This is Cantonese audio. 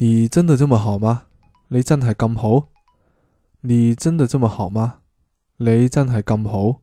你真的這麼好嗎？你真係咁好？你真的這麼好嗎？你真係咁好。